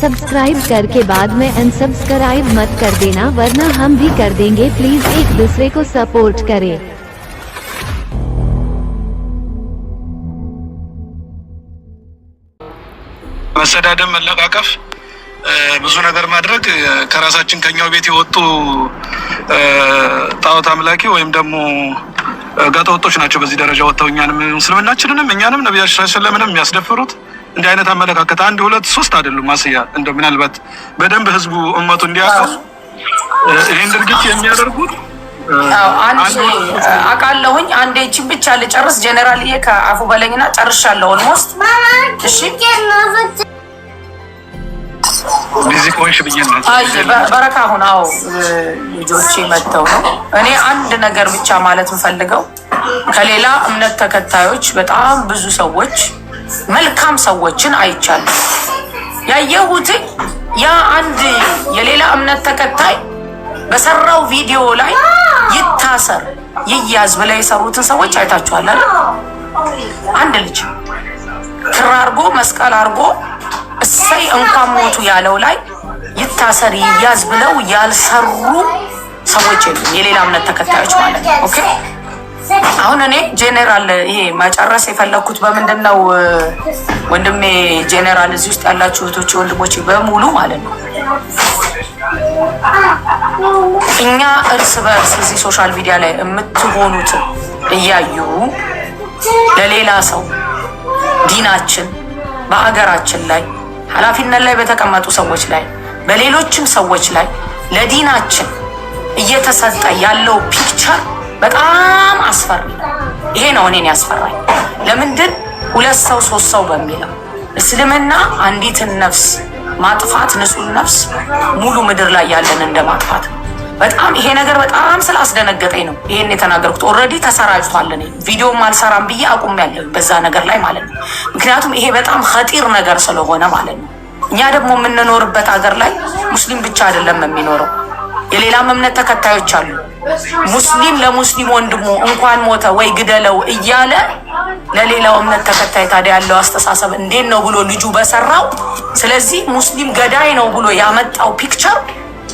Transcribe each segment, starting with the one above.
सब्सक्राइब करके बाद में अनसब्सक्राइब मत कर देना वरना हम भी कर देंगे प्लीज एक दूसरे को सपोर्ट करें መሰዳደብ መለቃቀፍ ብዙ ነገር ማድረግ ከራሳችን ከኛው ቤት የወጡ ጣዖት አምላኪ ወይም ደግሞ ጋጠወጦች ናቸው። በዚህ ደረጃ ወጥተው እኛንም እስልምናችንንም እኛንም ነቢያችን ስለምንም የሚያስደፍሩት እንዲህ አይነት አመለካከት አንድ ሁለት ሶስት አይደሉም። ማስያ እንደ ምናልባት በደንብ ህዝቡ እመቱ እንዲያውቁ ይህን ድርጊት የሚያደርጉት አቃለሁኝ አንዴ ይህቺን ብቻ ልጨርስ። ጀኔራልዬ ከአፉ በለኝና ጨርሻለሁ። ኦልሞስት እሺ፣ ቢዚ ከሆንሽ ብዬሽ አይ በረካ አሁን አዎ፣ ልጆቼ መጥተው ነው። እኔ አንድ ነገር ብቻ ማለት የምፈልገው ከሌላ እምነት ተከታዮች በጣም ብዙ ሰዎች መልካም ሰዎችን አይቻለሁ። ያየሁት ያ አንድ የሌላ እምነት ተከታይ በሰራው ቪዲዮ ላይ ይታሰር ይያዝ ብለው የሰሩትን ሰዎች አይታችኋል አይደል? አንድ ልጅ ክር አርጎ መስቀል አርጎ እሰይ እንኳን ሞቱ ያለው ላይ ይታሰር ይያዝ ብለው ያልሰሩ ሰዎች የሌላ እምነት ተከታዮች ማለት ነው። ኦኬ አሁን እኔ ጄኔራል ይሄ መጨረስ የፈለግኩት በምንድን ነው ወንድሜ ጄኔራል፣ እዚህ ውስጥ ያላችሁ እህቶች ወንድሞች በሙሉ ማለት ነው እኛ እርስ በእርስ እዚህ ሶሻል ሚዲያ ላይ የምትሆኑትን እያዩ ለሌላ ሰው ዲናችን በሀገራችን ላይ ኃላፊነት ላይ በተቀመጡ ሰዎች ላይ በሌሎችም ሰዎች ላይ ለዲናችን እየተሰጠ ያለው ፒክቸር በጣም አስፈሪ ይሄ ነው። እኔን ያስፈራኝ ለምንድን ሁለት ሰው ሶስት ሰው በሚለው እስልምና አንዲትን ነፍስ ማጥፋት ንጹህ ነፍስ ሙሉ ምድር ላይ ያለን ማጥፋት በጣም ይሄ ነገር በጣም ስላስደነገጠኝ ነው ይሄን የተናገርኩት። ኦልሬዲ ተሰራጭቷል። እኔ ቪዲዮም አልሰራም ብዬ አቁሜያለሁ በዛ ነገር ላይ ማለት ነው። ምክንያቱም ይሄ በጣም ኸጢር ነገር ስለሆነ ማለት ነው። እኛ ደግሞ የምንኖርበት ሀገር ላይ ሙስሊም ብቻ አይደለም የሚኖረው የሌላም እምነት ተከታዮች አሉ። ሙስሊም ለሙስሊም ወንድሙ እንኳን ሞተ ወይ ግደለው እያለ ለሌላው እምነት ተከታይ ታዲያ ያለው አስተሳሰብ እንዴት ነው ብሎ ልጁ በሰራው። ስለዚህ ሙስሊም ገዳይ ነው ብሎ ያመጣው ፒክቸር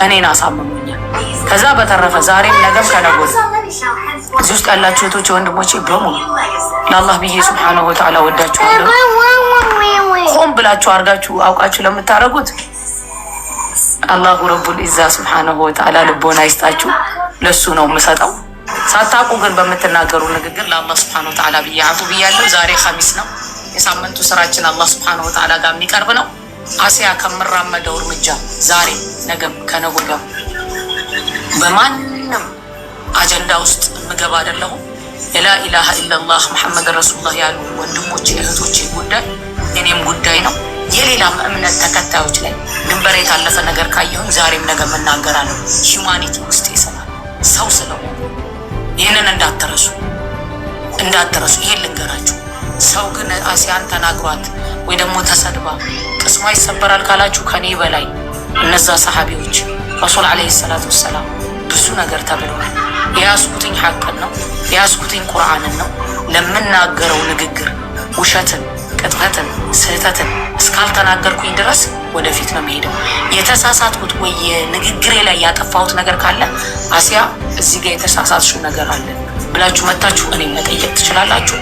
እኔን አሳምሙኛል። ከዛ በተረፈ ዛሬም ነገም ከነጎ እዚህ ውስጥ ያላችሁ እህቶች ወንድሞቼ በሙሉ ለአላህ ብዬ ሱብሓነሁ ወተዓላ ወዳችኋለሁ። ሆን ብላችሁ አርጋችሁ አውቃችሁ ለምታደርጉት አላሁ ረቡል ኢዛ ስብሓነሁ ወተዓላ ልቦና ይስጣችሁ። ለሱ ነው የምሰጠው። ሳታውቁ ግን በምትናገሩ ንግግር ለአላህ ስብሓነሁ ወተዓላ ብዬ አፉ ብያለሁ። ዛሬ ኸሚስ ነው። የሳምንቱ ስራችን አላህ ስብሓነሁ ወተዓላ ጋር የሚቀርብ ነው። አሲያ ከምራመደው እርምጃ ዛሬ፣ ነገም፣ ከነገ ወዲያ በማንም አጀንዳ ውስጥ ምገብ አይደለሁም። የላ ኢላሃ ኢላላህ መሐመድ ረሱሉላህ ያሉ ወንድሞች እህቶቼ ጉዳይ እኔም ጉዳይ ነው። የሌላም እምነት ተከታዮች ላይ ድንበር የታለፈ ነገር ካየሁን ዛሬም ነገር መናገራለሁ። ሂዩማኒቲ ውስጥ ይሰራል ሰው ስለሆነ ይህንን እንዳትረሱ እንዳትረሱ። ይሄን ልንገራችሁ። ሰው ግን አሲያን ተናግሯት ወይ ደግሞ ተሰድባ ቅስሟ ይሰበራል ካላችሁ ከኔ በላይ እነዛ ሰሃቢዎች ረሱል ዓለይሂ ሰላቱ ወሰላም ብዙ ነገር ተብለዋል። የያዝኩትኝ ሐቅን ነው የያዝኩትኝ ቁርአንን ነው። ለምናገረው ንግግር ውሸትን፣ ቅጥፈትን፣ ስህተትን እስካልተናገርኩኝ ድረስ ወደፊት ነው የሚሄደው። የተሳሳትኩት ወይ የንግግሬ ላይ ያጠፋሁት ነገር ካለ አሲያ እዚህ ጋር የተሳሳትሽው ነገር አለ ብላችሁ መታችሁ እኔ መጠየቅ ትችላላችሁ።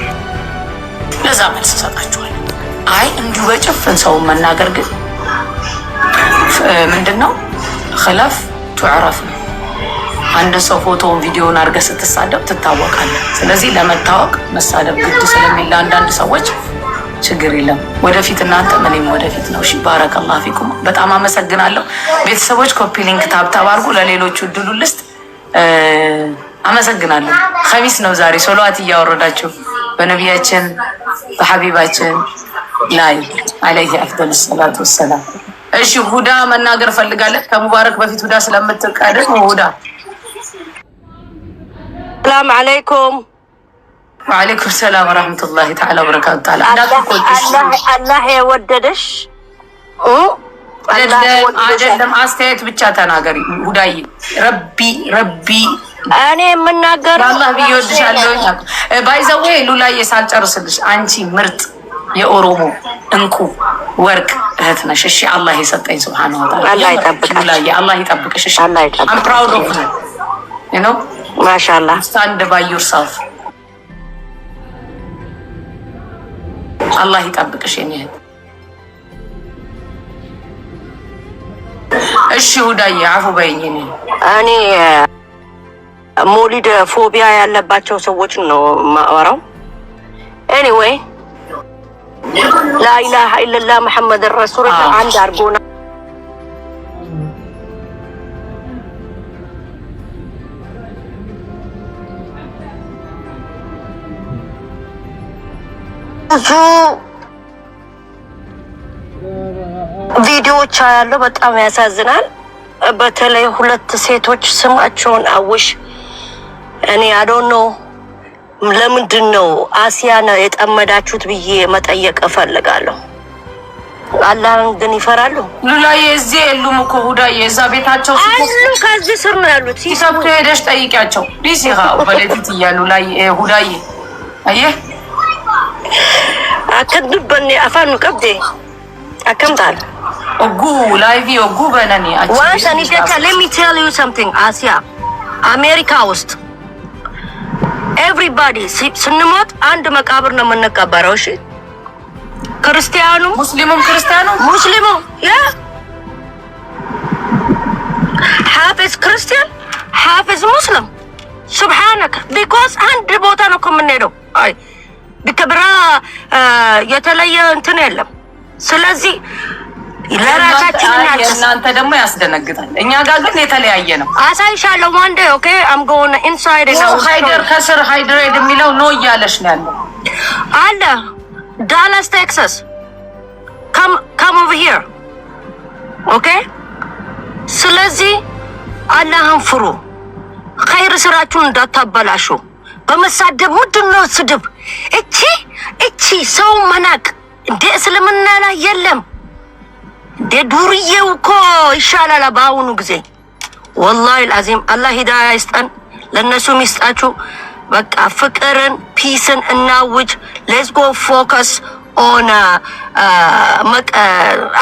ለዛ መልስ እሰጣችኋል። አይ እንዲሁ በጭፍን ሰውን መናገር ግን ምንድን ነው ክለፍ ቱዕረፍ ነው አንድ ሰው ፎቶውን ቪዲዮን አድርገህ ስትሳደብ ትታወቃለህ። ስለዚህ ለመታወቅ መሳደብ ግድ ስለሚል አንዳንድ ሰዎች ችግር የለም ወደፊት እናንተ እኔም ወደፊት ነው። እሺ ባረከላሁ ፊኩም። በጣም አመሰግናለሁ ቤተሰቦች። ኮፒ ሊንክ ታብታብ አድርጉ ለሌሎቹ እድሉ ልስጥ። አመሰግናለሁ። ከሚስ ነው ዛሬ ሶሎዋት እያወረዳችሁ በነቢያችን በሀቢባችን ላይ አለይህ አፍደል ሰላት ወሰላም። እሺ ሁዳ መናገር ፈልጋለን ከሙባረክ በፊት ሁዳ ስለምትቀደም ሁዳ ሰላም አለይኩም። ወአለይኩም ሰላም ወራህመቱላሂ ተዓላ ወበረካቱ። ተዓላ አላህ የወደደሽ አይደለም። አስተያየት ብቻ ተናገሪ ሁዳይ ረቢ ረቢ እኔ የምናገረው አላህ ብዬ ወድሻለሁ። ባይዘዌ ሉላዬ ሳልጨርስልሽ አንቺ ምርጥ የኦሮሞ እንቁ ወርቅ እህት ነሽ። እሺ አላህ የሰጠኝ ስብሓን ወተዓላ አላህ ይጠብቅሽ። እሺ አም ፕራውድ ኦፍ ነው ማሻላ ስታንድ ባይ ዮርሰልፍ አላህ ይጠብቅሽ የኔ እሺ ሁዳዬ አፉ በይኝ። እኔ ሞሊድ ፎቢያ ያለባቸው ሰዎች ነው ማወራው። ኤኒዌይ ላኢላሀ ኢለላህ መሐመድ ረሱል አንድ አድርጎና ብዙ ቪዲዮዎች ያለው በጣም ያሳዝናል። በተለይ ሁለት ሴቶች ስማቸውን አውሽ እኔ አዶኖ ለምንድን ነው አሲያ ነው የጠመዳችሁት ብዬ መጠየቅ እፈልጋለሁ። አላህን ግን ይፈራሉ። ሉላዬ እዚህ የሉም እኮ ሁዳዬ፣ እዛ ቤታቸው አሉ። ከዚህ ስር ነው ያሉት። ሲሰብቱ ሄደሽ ጠይቂያቸው። ዲስ ይኸው በሌሊት እያሉ ላይ ሁዳዬ አየህ akka dubbanne afaan nu qabde akkam taala. Oguu laayivii oguu banani. Waan shanii jecha let me tell you something Asiya አሜሪካ ውስጥ ኤቭሪባዲ ስንሞት አንድ መቃብር ነው የምንቀበረው። እሺ ክርስቲያኑ፣ ሙስሊሙም ክርስቲያኑ ሙስሊሙ ያ ሀፊዝ ክርስቲያን ሀፊዝ ሙስሊም ሱብሃነከ ቢኮዝ አንድ ቦታ ነው እኮ የምንሄደው። አይ ከክብራ የተለየ እንትን የለም። ስለዚህ ለራሳችንና እናንተ ደግሞ ያስደነግጣል። እኛ ጋር ግን የተለያየ ነው። አሳይሻለሁ ማንዴ። ኦኬ አም ኢንሳይድ ነው። ሃይደር ከስር ሃይድሬድ የሚለው ኖ እያለሽ ነው ያለው አለ ዳላስ ቴክሳስ ካም ካም ኦቨር ሂር ኦኬ። ስለዚህ አላህን ፍሩ፣ ኸይር ስራችሁን እንዳታበላሹ። በመሳደብ ምንድን ነው ስድብ? እቺ እቺ ሰው መናቅ እንደ እስልምና ላይ የለም። እንደ ዱርዬው እኮ ይሻላል በአሁኑ ጊዜ። ወላሂ ልአዚም አላህ ሂዳያ ይስጠን፣ ለእነሱም ይስጣችሁ። በቃ ፍቅርን ፒስን እናውጅ። ሌትስ ጎ ፎከስ ኦን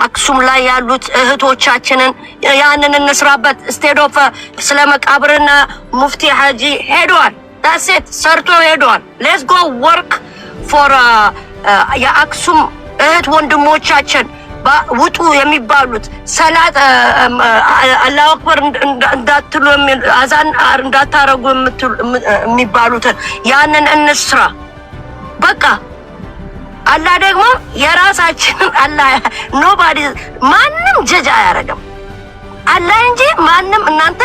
አክሱም ላይ ያሉት እህቶቻችንን ያንን እንስራበት። ስቴድ ኦፍ ስለ መቃብርና ሙፍቲ ሀጂ ሄደዋል። ዳሴት ሰርቶ ሄደዋል። ሌትስ ጎ ወርክ ፎር የአክሱም እህት ወንድሞቻችን ውጡ የሚባሉት ሰላት uh, um, uh, አላሁ አክበር እንዳትሉ አዛን እንዳታረጉ uh, የሚባሉትን ያንን እንስራ። በቃ አላህ ደግሞ የራሳችንን አላህ ኖባዲ ማንም ጀጅ አያደርግም። አላህ እንጂ ማንም እናንተ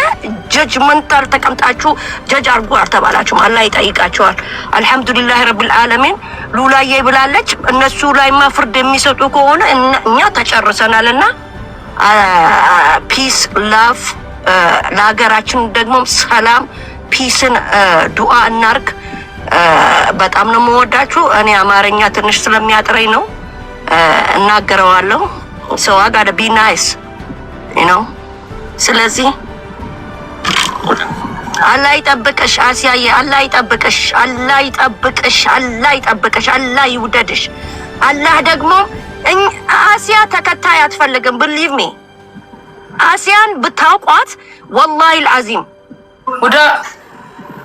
ጀጅመንታል ተቀምጣችሁ ጀጅ አርጉ አልተባላችሁም። አላህ ይጠይቃቸዋል። አልሐምዱሊላህ ረብል ዓለሚን ሉላዬ ብላለች። እነሱ ላይማ ፍርድ የሚሰጡ ከሆነ እኛ ተጨርሰናል እና ፒስ ላቭ ለሀገራችን ደግሞ ሰላም ፒስን ዱአ እናርግ። በጣም ነው የምወዳችሁ። እኔ አማርኛ ትንሽ ስለሚያጥረኝ ነው እናገረዋለሁ። ሰው አጋደ ቢ ናይስ ነው ስለዚህ አላህ ይጠብቅሽ አስያዬ፣ አላህ ይጠብቅሽ፣ አላህ ይጠብቅሽ፣ አላህ ይጠብቅሽ፣ አላህ ይውደድሽ። አላህ ደግሞ አስያ ተከታይ አትፈልግም። ብሊቭ ሚ አስያን ብታውቋት ወላሂ ልአዚም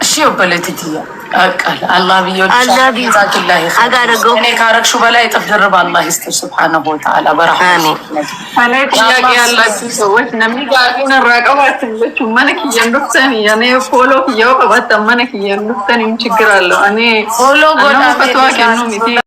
እሺ በለቲት ካረግሹ በላይ እጥፍ ድርብ አላህ ይስጥር። ስብሓነሁ ወተዓላ በረሀ ችግር አለው።